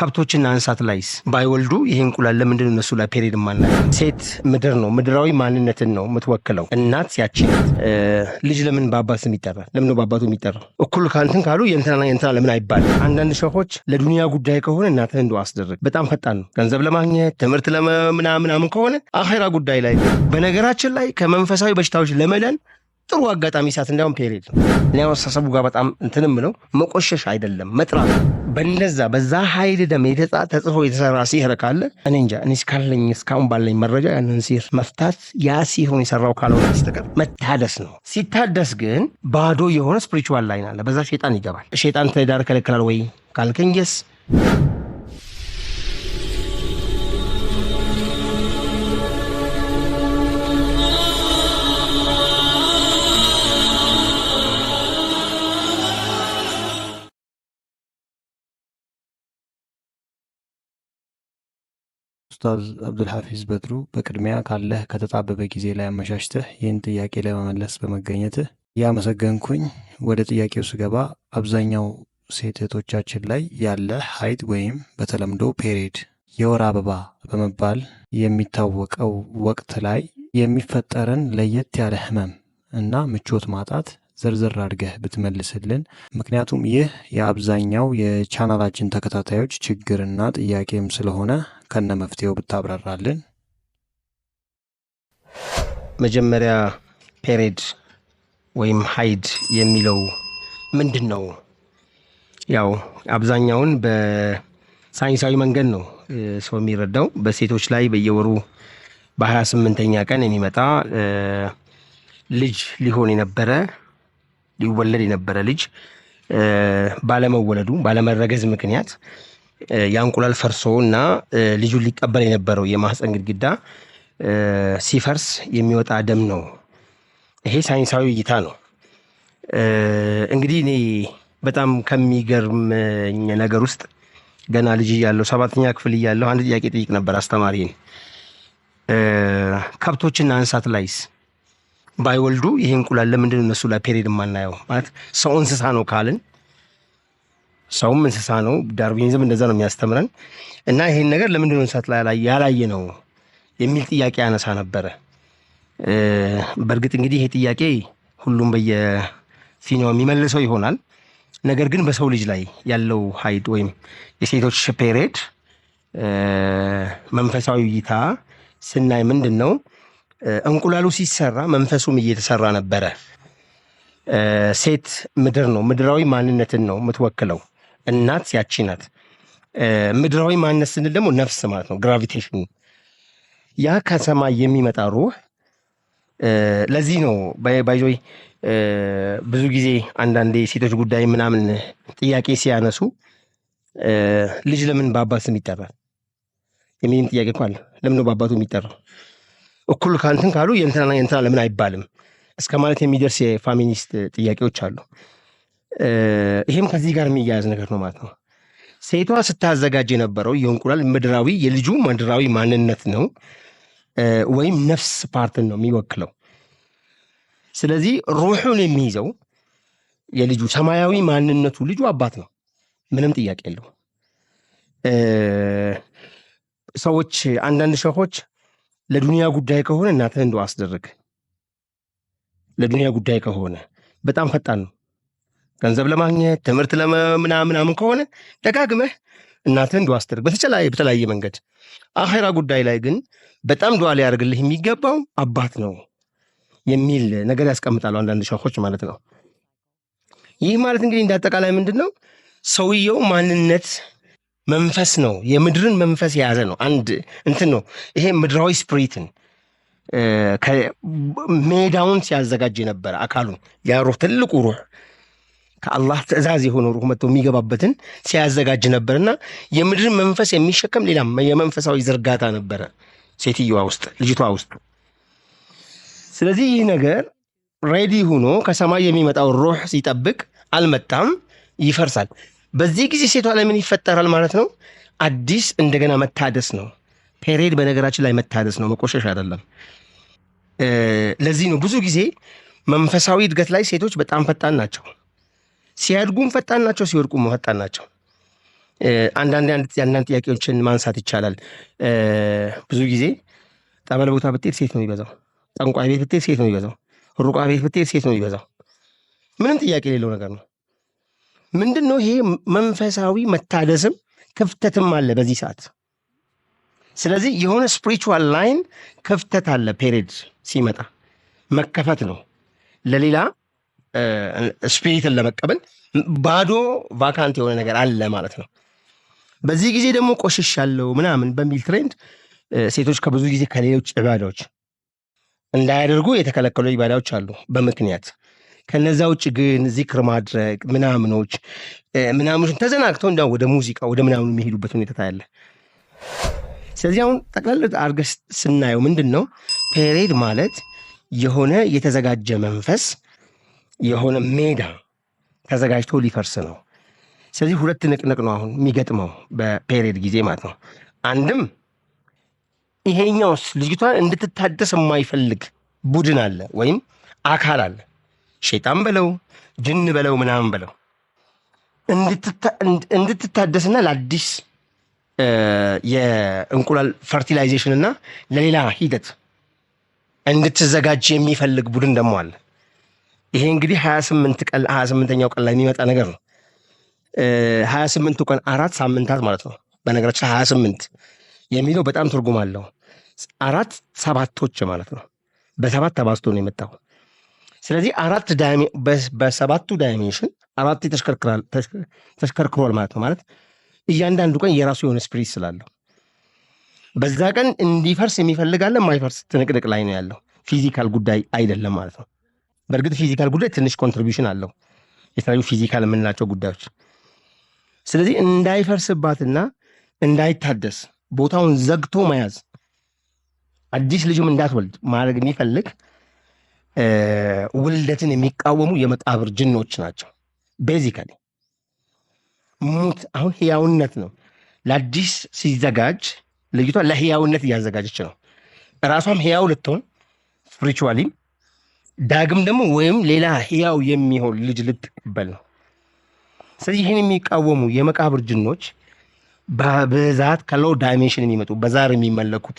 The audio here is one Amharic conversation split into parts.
ከብቶችና እንስሳት ላይስ ባይወልዱ ይህ እንቁላል ለምንድን እነሱ ላይ ፔሪድ ማና ሴት ምድር ነው፣ ምድራዊ ማንነትን ነው የምትወክለው። እናት ያቺ ልጅ ለምን በአባት ስም ይጠራል? ለምን በአባቱ የሚጠራው? እኩል ከአንትን ካሉ የእንትናና የእንትና ለምን አይባል አንዳንድ ሸሆች ለዱንያ ጉዳይ ከሆነ እናት እንደ አስደርግ፣ በጣም ፈጣን ነው። ገንዘብ ለማግኘት ትምህርት ለምናምናምን ከሆነ አኼራ ጉዳይ ላይ በነገራችን ላይ ከመንፈሳዊ በሽታዎች ለመዳን ጥሩ አጋጣሚ ሰዓት እንዲያውም አሁን ሊያመሳሰቡ ጋር በጣም እንትንም ነው መቆሸሽ አይደለም መጥራት በነዛ በዛ ሀይል ደም የተጻ ተጽፎ የተሰራ ሲህር ካለ እኔ እንጃ እኔ እስካለኝ እስካሁን ባለኝ መረጃ ያንን ሲህር መፍታት ያ ሲሆን የሰራው ካልሆነ በስተቀር መታደስ ነው። ሲታደስ ግን ባዶ የሆነ ስፕሪቹዋል ላይን አለ። በዛ ሸጣን ይገባል። ሸጣን ትዳር ከለክላል ወይ ካልከኝ የስ ኡስታዝ አብዱልሐፊዝ በትሩ በቅድሚያ ካለህ ከተጣበበ ጊዜ ላይ አመሻሽተህ ይህን ጥያቄ ለመመለስ በመገኘትህ እያመሰገንኩኝ ወደ ጥያቄው ስገባ አብዛኛው ሴት እህቶቻችን ላይ ያለ ሀይድ ወይም በተለምዶ ፔሬድ የወር አበባ በመባል የሚታወቀው ወቅት ላይ የሚፈጠረን ለየት ያለ ህመም እና ምቾት ማጣት ዘርዘር አድርገህ ብትመልስልን። ምክንያቱም ይህ የአብዛኛው የቻናላችን ተከታታዮች ችግርና ጥያቄም ስለሆነ ከነ መፍትሄው ብታብራራልን። መጀመሪያ ፔሬድ ወይም ሀይድ የሚለው ምንድን ነው? ያው አብዛኛውን በሳይንሳዊ መንገድ ነው ሰው የሚረዳው። በሴቶች ላይ በየወሩ በሀያ ስምንተኛ ቀን የሚመጣ ልጅ ሊሆን የነበረ ሊወለድ የነበረ ልጅ ባለመወለዱ ባለመረገዝ ምክንያት የእንቁላል ፈርሶ እና ልጁን ሊቀበል የነበረው የማህፀን ግድግዳ ሲፈርስ የሚወጣ ደም ነው። ይሄ ሳይንሳዊ እይታ ነው። እንግዲህ እኔ በጣም ከሚገርመኝ ነገር ውስጥ ገና ልጅ እያለሁ ሰባተኛ ክፍል እያለሁ አንድ ጥያቄ ጠይቅ ነበር አስተማሪን ከብቶችና እንስሳት ላይስ ባይወልዱ ይህ እንቁላል ለምንድን እነሱ ላይ ፔሪድ የማናየው? ማለት ሰው እንስሳ ነው ካልን ሰውም እንስሳ ነው። ዳርዊኒዝም እንደዛ ነው የሚያስተምረን እና ይሄን ነገር ለምንድን ነው እንስሳት ላይ ያላየ ነው የሚል ጥያቄ ያነሳ ነበረ። በእርግጥ እንግዲህ ይሄ ጥያቄ ሁሉም በየፊናው የሚመልሰው ይሆናል። ነገር ግን በሰው ልጅ ላይ ያለው ሀይድ ወይም የሴቶች ፔሬድ መንፈሳዊ እይታ ስናይ ምንድን ነው እንቁላሉ ሲሰራ መንፈሱም እየተሰራ ነበረ። ሴት ምድር ነው፣ ምድራዊ ማንነትን ነው የምትወክለው። እናት ያቺ ናት። ምድራዊ ማንነት ስንል ደግሞ ነፍስ ማለት ነው፣ ግራቪቴሽን ያ ከሰማይ የሚመጣ ሩህ። ለዚህ ነው ባይዞይ ብዙ ጊዜ አንዳንዴ ሴቶች ጉዳይ ምናምን ጥያቄ ሲያነሱ ልጅ ለምን በአባት ስም ይጠራል የሚልም ጥያቄ እኮ አለ። ለምን ነው በአባቱ የሚጠራው? እኩል ከእንትን ካሉ የንትና የእንትና ለምን አይባልም እስከ ማለት የሚደርስ የፋሚኒስት ጥያቄዎች አሉ። ይህም ከዚህ ጋር የሚያያዝ ነገር ነው ማለት ነው። ሴቷ ስታዘጋጅ የነበረው የእንቁላል ምድራዊ የልጁ ምድራዊ ማንነት ነው ወይም ነፍስ ፓርትን ነው የሚወክለው። ስለዚህ ሩሑን የሚይዘው የልጁ ሰማያዊ ማንነቱ ልጁ አባት ነው፣ ምንም ጥያቄ የለው። ሰዎች አንዳንድ ሸሆች ለዱንያ ጉዳይ ከሆነ እናትህን እንደው አስደርግ። ለዱንያ ጉዳይ ከሆነ በጣም ፈጣን ነው። ገንዘብ ለማግኘት ትምህርት ለምናምናምን ከሆነ ደጋግመህ እናትህን እንደው አስደርግ በተለያየ መንገድ። አኼራ ጉዳይ ላይ ግን በጣም ዱዓ ሊያደርግልህ የሚገባው አባት ነው የሚል ነገር ያስቀምጣሉ አንዳንድ ሸኾች ማለት ነው። ይህ ማለት እንግዲህ እንዳጠቃላይ ምንድን ነው ሰውየው ማንነት መንፈስ ነው። የምድርን መንፈስ የያዘ ነው። አንድ እንትን ነው ይሄ ምድራዊ ስፕሪትን ሜዳውን ሲያዘጋጅ የነበረ አካሉን ያ ሩህ ትልቁ ሩህ ከአላህ ትእዛዝ የሆነ ሩህ መጥቶ የሚገባበትን ሲያዘጋጅ ነበርና የምድርን መንፈስ የሚሸከም ሌላም የመንፈሳዊ ዝርጋታ ነበረ ሴትዮዋ ውስጥ ልጅቷ ውስጥ። ስለዚህ ይህ ነገር ሬዲ ሆኖ ከሰማይ የሚመጣው ሩህ ሲጠብቅ አልመጣም፣ ይፈርሳል። በዚህ ጊዜ ሴቷ ላይ ምን ይፈጠራል ማለት ነው? አዲስ እንደገና መታደስ ነው። ፔሬድ በነገራችን ላይ መታደስ ነው፣ መቆሸሽ አይደለም። ለዚህ ነው ብዙ ጊዜ መንፈሳዊ እድገት ላይ ሴቶች በጣም ፈጣን ናቸው። ሲያድጉም ፈጣን ናቸው፣ ሲወድቁም ፈጣን ናቸው። አንዳንድ አንዳንድ ጥያቄዎችን ማንሳት ይቻላል። ብዙ ጊዜ ጠበል ቦታ ብትሄድ ሴት ነው ይበዛው ጠንቋይ ቤት ብትሄድ ሴት ነው ይበዛው ሩቃ ቤት ብትሄድ ሴት ነው ይበዛው ምንም ጥያቄ የሌለው ነገር ነው። ምንድን ነው ይሄ መንፈሳዊ መታደስም ክፍተትም አለ በዚህ ሰዓት። ስለዚህ የሆነ ስፕሪቹዋል ላይን ክፍተት አለ። ፔሬድ ሲመጣ መከፈት ነው ለሌላ ስፒሪትን ለመቀበል ባዶ ቫካንት የሆነ ነገር አለ ማለት ነው። በዚህ ጊዜ ደግሞ ቆሽሽ ያለው ምናምን በሚል ትሬንድ ሴቶች ከብዙ ጊዜ ከሌሎች ኢባዳዎች እንዳያደርጉ የተከለከሉ ኢባዳዎች አሉ በምክንያት ከነዛ ውጭ ግን ዚክር ማድረግ ምናምኖች ምናምኖች ተዘናግተው እንዲ ወደ ሙዚቃ ወደ ምናምኑ የሚሄዱበት ሁኔታ ታያለ። ስለዚህ አሁን ጠቅላለ አድርገህ ስናየው ምንድን ነው ፔሬድ ማለት የሆነ የተዘጋጀ መንፈስ የሆነ ሜዳ ተዘጋጅቶ ሊፈርስ ነው። ስለዚህ ሁለት ንቅንቅ ነው አሁን የሚገጥመው በፔሬድ ጊዜ ማለት ነው። አንድም ይሄኛውስ ልጅቷን እንድትታደስ የማይፈልግ ቡድን አለ ወይም አካል አለ። ሸይጣን በለው ጅን በለው ምናምን በለው እንድትታደስና ለአዲስ የእንቁላል ፈርቲላይዜሽን እና ለሌላ ሂደት እንድትዘጋጅ የሚፈልግ ቡድን ደግሞ አለ። ይሄ እንግዲህ ሀያ ስምንት ቀን ሀያ ስምንተኛው ቀን ላይ የሚመጣ ነገር ነው። ሀያ ስምንቱ ቀን አራት ሳምንታት ማለት ነው። በነገራችን ሀያ ስምንት የሚለው በጣም ትርጉም አለው። አራት ሰባቶች ማለት ነው። በሰባት ተባዝቶ ነው የመጣው። ስለዚህ አራት በሰባቱ ዳይሜንሽን አራት ተሽከርክሯል ማለት ነው። ማለት እያንዳንዱ ቀን የራሱ የሆነ ስፕሪት ስላለው በዛ ቀን እንዲፈርስ የሚፈልጋለ ማይፈርስ ትንቅንቅ ላይ ነው ያለው። ፊዚካል ጉዳይ አይደለም ማለት ነው። በእርግጥ ፊዚካል ጉዳይ ትንሽ ኮንትሪቢሽን አለው፣ የተለያዩ ፊዚካል የምንላቸው ጉዳዮች። ስለዚህ እንዳይፈርስባትና እንዳይታደስ ቦታውን ዘግቶ መያዝ አዲስ ልጅም እንዳትወልድ ማድረግ የሚፈልግ ውልደትን የሚቃወሙ የመቃብር ጅኖች ናቸው። ቤዚካሊ ሙት አሁን ህያውነት ነው። ለአዲስ ሲዘጋጅ ልጅቷ ለህያውነት እያዘጋጀች ነው። ራሷም ህያው ልትሆን ስፕሪቹዋሊ፣ ዳግም ደግሞ ወይም ሌላ ህያው የሚሆን ልጅ ልትቀበል ነው። ስለዚህ ይህን የሚቃወሙ የመቃብር ጅኖች በብዛት ከሎው ዳይሜንሽን የሚመጡ በዛር የሚመለኩት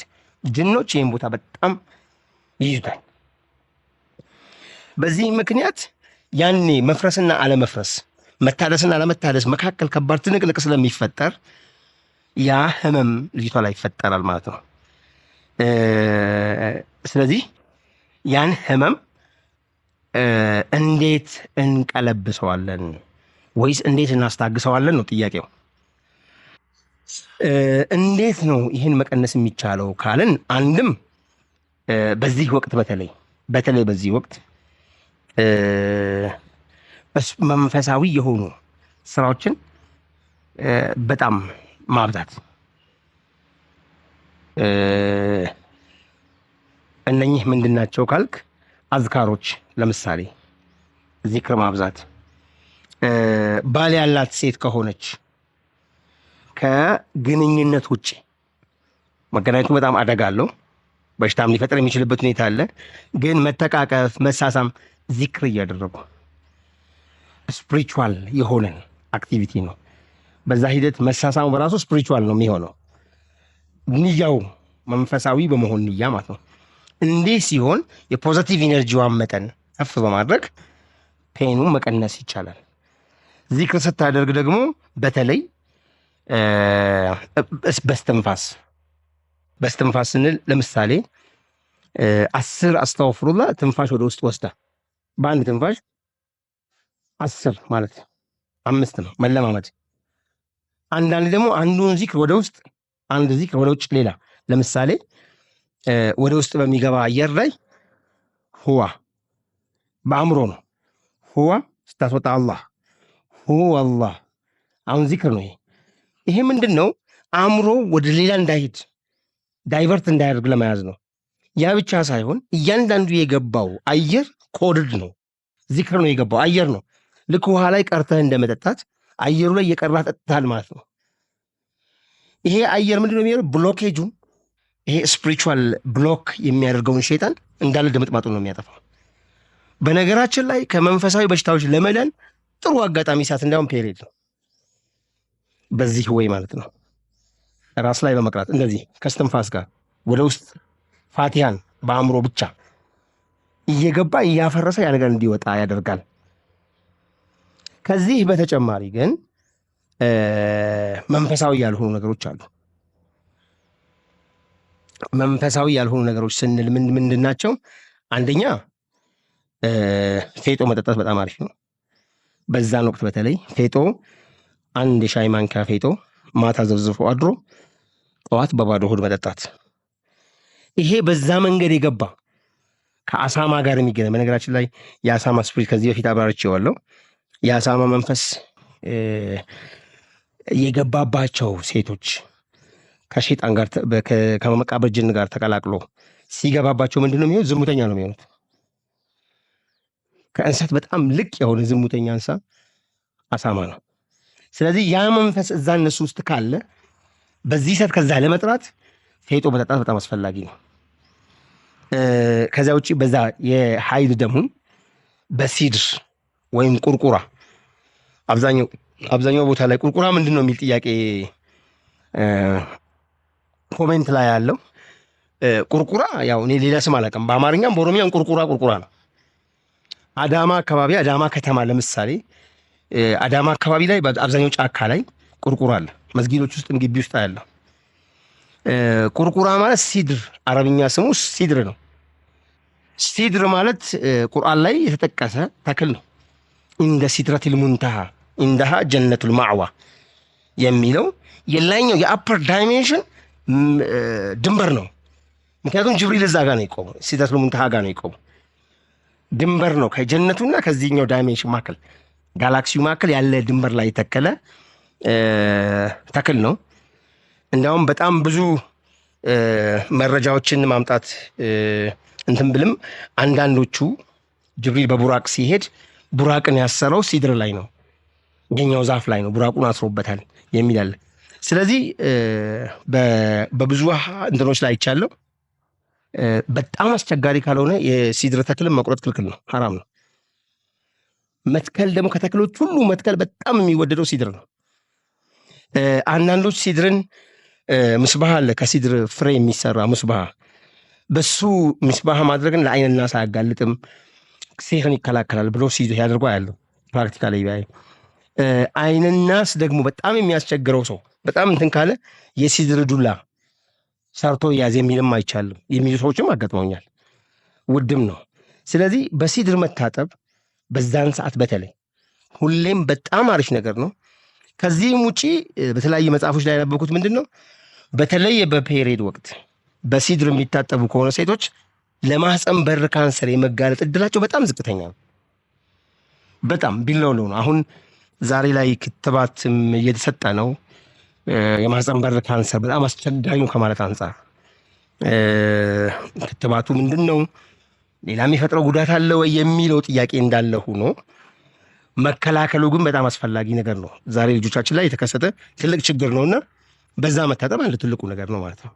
ጅኖች ይህን ቦታ በጣም ይይዙታል። በዚህ ምክንያት ያኔ መፍረስና አለመፍረስ መታደስና አለመታደስ መካከል ከባድ ትንቅልቅ ስለሚፈጠር ያ ህመም ልጅቷ ላይ ይፈጠራል ማለት ነው። ስለዚህ ያን ህመም እንዴት እንቀለብሰዋለን ወይስ እንዴት እናስታግሰዋለን ነው ጥያቄው። እንዴት ነው ይህን መቀነስ የሚቻለው ካልን አንድም በዚህ ወቅት በተለይ በተለይ በዚህ ወቅት መንፈሳዊ የሆኑ ስራዎችን በጣም ማብዛት እነኚህ ምንድን ናቸው ካልክ፣ አዝካሮች ለምሳሌ ዚክር ማብዛት፣ ባል ያላት ሴት ከሆነች ከግንኙነት ውጭ መገናኘቱ በጣም አደጋ አለው። በሽታም ሊፈጥር የሚችልበት ሁኔታ አለ። ግን መተቃቀፍ፣ መሳሳም ዚክር እያደረጉ ስፕሪቹዋል የሆነን አክቲቪቲ ነው። በዛ ሂደት መሳሳሙ በራሱ ስፕሪቹዋል ነው የሚሆነው። ንያው መንፈሳዊ በመሆን ንያ ማለት ነው። እንዲህ ሲሆን የፖዘቲቭ ኢነርጂዋን መጠን ከፍ በማድረግ ፔኑን መቀነስ ይቻላል። ዚክር ስታደርግ ደግሞ በተለይ በስተንፋስ በስትንፋስ ስንል ለምሳሌ አስር አስተዋፍሩላ ትንፋሽ ወደ ውስጥ ወስዳ በአንድ ትንፋሽ አስር ማለት አምስት ነው መለማመድ። አንዳንድ ደግሞ አንዱን ዚክር ወደ ውስጥ አንድ ዚክር ወደ ውጭ ሌላ ለምሳሌ ወደ ውስጥ በሚገባ አየር ላይ ሁዋ በአእምሮ ነው። ሁዋ ስታስወጣ አላህ ሁዋ አላህ። አሁን ዚክር ነው ይሄ። ይሄ ምንድን ነው? አእምሮ ወደ ሌላ እንዳይሄድ ዳይቨርት እንዳያደርግ ለመያዝ ነው። ያ ብቻ ሳይሆን እያንዳንዱ የገባው አየር ኮድድ ነው። ዚክር ነው የገባው አየር ነው። ልክ ውሃ ላይ ቀርተህ እንደመጠጣት አየሩ ላይ የቀራ ጠጥታል ማለት ነው። ይሄ አየር ምንድነው ነው ብሎኬጁ ብሎኬጁን ይሄ ስፒሪቹዋል ብሎክ የሚያደርገውን ሸይጣን እንዳለ ድምጥማጡ ነው የሚያጠፋው። በነገራችን ላይ ከመንፈሳዊ በሽታዎች ለመዳን ጥሩ አጋጣሚ ሰዓት እንዲያውም ፔሪድ ነው። በዚህ ወይ ማለት ነው ራስ ላይ በመቅራት እንደዚህ ከስትንፋስ ጋር ወደ ውስጥ ፋቲሃን በአእምሮ ብቻ እየገባ እያፈረሰ ያ ነገር እንዲወጣ ያደርጋል። ከዚህ በተጨማሪ ግን መንፈሳዊ ያልሆኑ ነገሮች አሉ። መንፈሳዊ ያልሆኑ ነገሮች ስንል ምንድን ናቸው? አንደኛ ፌጦ መጠጣት በጣም አሪፍ ነው። በዛን ወቅት በተለይ ፌጦ አንድ የሻይ ማንኪያ ፌጦ ማታ ዘብዝፎ አድሮ ጠዋት በባዶ ሆድ መጠጣት። ይሄ በዛ መንገድ የገባ ከአሳማ ጋር የሚገናኝ በነገራችን ላይ የአሳማ ስፕሪት ከዚህ በፊት አብራርቼዋለሁ። የአሳማ መንፈስ የገባባቸው ሴቶች ከሼጣን ጋር ከመቃብር ጅን ጋር ተቀላቅሎ ሲገባባቸው ምንድን ነው የሚሆኑት? ዝሙተኛ ነው የሚሆኑት። ከእንስሳት በጣም ልቅ የሆነ ዝሙተኛ እንስሳ አሳማ ነው። ስለዚህ ያ መንፈስ እዛ እነሱ ውስጥ ካለ በዚህ ሰት ከዛ ለመጥራት ፌጦ መጠጣት በጣም አስፈላጊ ነው። ከዚያ ውጭ በዛ የሀይድ ደሙን በሲድር ወይም ቁርቁራ አብዛኛው ቦታ ላይ ቁርቁራ ምንድን ነው የሚል ጥያቄ ኮሜንት ላይ ያለው ቁርቁራ ያው እኔ ሌላ ስም አላውቅም። በአማርኛም በኦሮሚያም ቁርቁራ ቁርቁራ ነው። አዳማ አካባቢ አዳማ ከተማ ለምሳሌ አዳማ አካባቢ ላይ አብዛኛው ጫካ ላይ ቁርቁራ አለ። መስጊዶች ውስጥ ግቢ ውስጥ ያለው ቁርቁራ ማለት ሲድር፣ አረብኛ ስሙ ሲድር ነው። ሲድር ማለት ቁርአን ላይ የተጠቀሰ ተክል ነው። እንደ ሲድረቲል ሙንታሃ ኢንደሃ ጀነቱል ማዕዋ የሚለው የላይኛው የአፐር ዳይሜንሽን ድንበር ነው። ምክንያቱም ጅብሪል እዛ ጋ ነው ይቆሙ፣ ሲድረቱል ሙንተሃ ጋ ነው ይቆሙ። ድንበር ነው ከጀነቱና ከዚህኛው ዳይሜንሽን መካከል ጋላክሲው መካከል ያለ ድንበር ላይ የተከለ ተክል ነው። እንዲያውም በጣም ብዙ መረጃዎችን ማምጣት እንትን ብልም አንዳንዶቹ ጅብሪል በቡራቅ ሲሄድ ቡራቅን ያሰረው ሲድር ላይ ነው፣ የኛው ዛፍ ላይ ነው ቡራቁን አስሮበታል የሚላል። ስለዚህ በብዙ እንትኖች ላይ ይቻለው በጣም አስቸጋሪ ካልሆነ የሲድር ተክልን መቁረጥ ክልክል ነው፣ ሀራም ነው። መትከል ደግሞ ከተክሎች ሁሉ መትከል በጣም የሚወደደው ሲድር ነው። አንዳንዶች ሲድርን ምስባህ አለ፣ ከሲድር ፍሬ የሚሰራ ምስባህ። በሱ ምስባህ ማድረግን ለአይንና አያጋልጥም ሴህን ይከላከላል ብሎ ሲድር ያደርጎ ያለው ፕራክቲካል አይንናስ ደግሞ በጣም የሚያስቸግረው ሰው በጣም እንትን ካለ የሲድር ዱላ ሰርቶ ያዝ የሚልም አይቻልም የሚሉ ሰዎችም አጋጥመውኛል። ውድም ነው። ስለዚህ በሲድር መታጠብ በዛን ሰዓት በተለይ ሁሌም በጣም አሪፍ ነገር ነው። ከዚህም ውጪ በተለያዩ መጽሐፎች ላይ ያነበብኩት ምንድን ነው በተለይ በፔሬድ ወቅት በሲድር የሚታጠቡ ከሆነ ሴቶች ለማህፀን በር ካንሰር የመጋለጥ እድላቸው በጣም ዝቅተኛ ነው። በጣም ቢለው ነው። አሁን ዛሬ ላይ ክትባትም እየተሰጠ ነው። የማህፀን በር ካንሰር በጣም አስቸጋሪ ነው ከማለት አንጻር ክትባቱ ምንድን ነው ሌላ የሚፈጥረው ጉዳት አለ ወይ የሚለው ጥያቄ እንዳለ ሆኖ መከላከሉ ግን በጣም አስፈላጊ ነገር ነው። ዛሬ ልጆቻችን ላይ የተከሰተ ትልቅ ችግር ነው እና በዛ መታጠብ አንድ ትልቁ ነገር ነው ማለት ነው።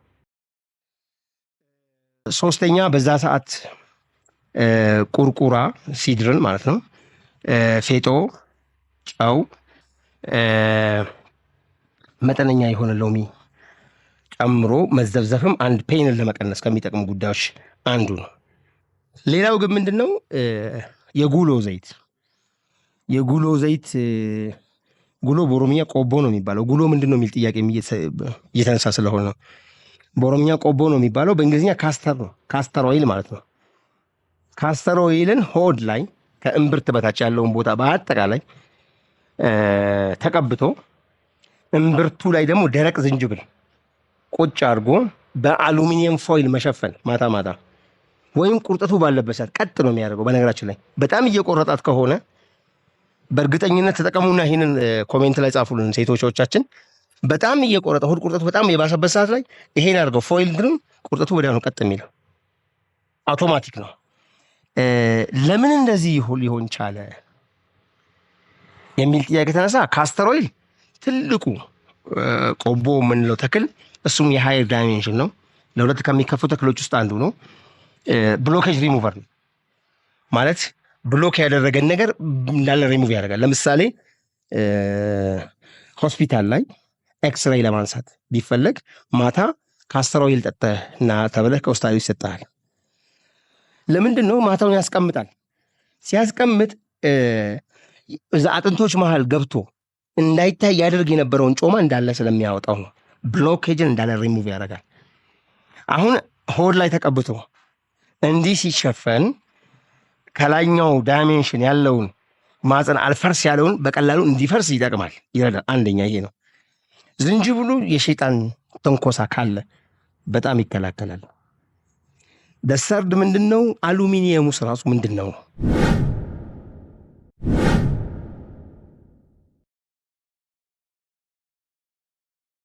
ሶስተኛ በዛ ሰዓት ቁርቁራ ሲድርን ማለት ነው፣ ፌጦ፣ ጨው፣ መጠነኛ የሆነ ሎሚ ጨምሮ መዘብዘፍም አንድ ፔንን ለመቀነስ ከሚጠቅሙ ጉዳዮች አንዱ ነው። ሌላው ግን ምንድን ነው የጉሎ ዘይት የጉሎ ዘይት ጉሎ በኦሮምኛ ቆቦ ነው የሚባለው። ጉሎ ምንድን ነው የሚል ጥያቄ እየተነሳ ስለሆነ ነው። በኦሮምኛ ቆቦ ነው የሚባለው፣ በእንግሊዝኛ ካስተር ነው። ካስተር ኦይል ማለት ነው። ካስተር ኦይልን ሆድ ላይ ከእምብርት በታች ያለውን ቦታ በአጠቃላይ ተቀብቶ እምብርቱ ላይ ደግሞ ደረቅ ዝንጅብል ቁጭ አድርጎ በአሉሚኒየም ፎይል መሸፈን ማታ ማታ ወይም ቁርጠቱ ባለበት ሰዓት ቀጥ ነው የሚያደርገው። በነገራችን ላይ በጣም እየቆረጣት ከሆነ በእርግጠኝነት ተጠቀሙና ይህንን ኮሜንት ላይ ጻፉልን ሴቶቻችን። በጣም እየቆረጠ ሆድ ቁርጠቱ በጣም የባሰበት ሰዓት ላይ ይሄን አድርገው ፎይልድንም ቁርጠቱ ወዲያውኑ ቀጥ የሚለው አውቶማቲክ ነው። ለምን እንደዚህ ሊሆን ቻለ የሚል ጥያቄ ተነሳ። ካስተር ኦይል ትልቁ ቆቦ የምንለው ተክል እሱም የሃይር ዳይሜንሽን ነው። ለሁለት ከሚከፉ ተክሎች ውስጥ አንዱ ነው። ብሎኬጅ ሪሙቨር ነው ማለት ብሎክ ያደረገን ነገር እንዳለ ሪሙቭ ያደርጋል። ለምሳሌ ሆስፒታል ላይ ኤክስሬይ ለማንሳት ቢፈለግ ማታ ካስተሮይል ጠጥተህ ና ተብለህ ከውስታዊ ይሰጠሃል። ለምንድን ነው ማታውን ያስቀምጣል። ሲያስቀምጥ እዛ አጥንቶች መሀል ገብቶ እንዳይታይ ያደርግ የነበረውን ጮማ እንዳለ ስለሚያወጣው ነው። ብሎኬጅን እንዳለ ሪሙቭ ያደርጋል። አሁን ሆድ ላይ ተቀብቶ እንዲህ ሲሸፈን ከላይኛው ዳይሜንሽን ያለውን ማፀን አልፈርስ ያለውን በቀላሉ እንዲፈርስ ይጠቅማል፣ ይረዳል። አንደኛ ይሄ ነው። ዝንጅብሉ የሸይጣን ተንኮሳ ካለ በጣም ይከላከላል። ደሰርድ ምንድን ነው? አሉሚኒየሙስ ራሱ ምንድን ነው?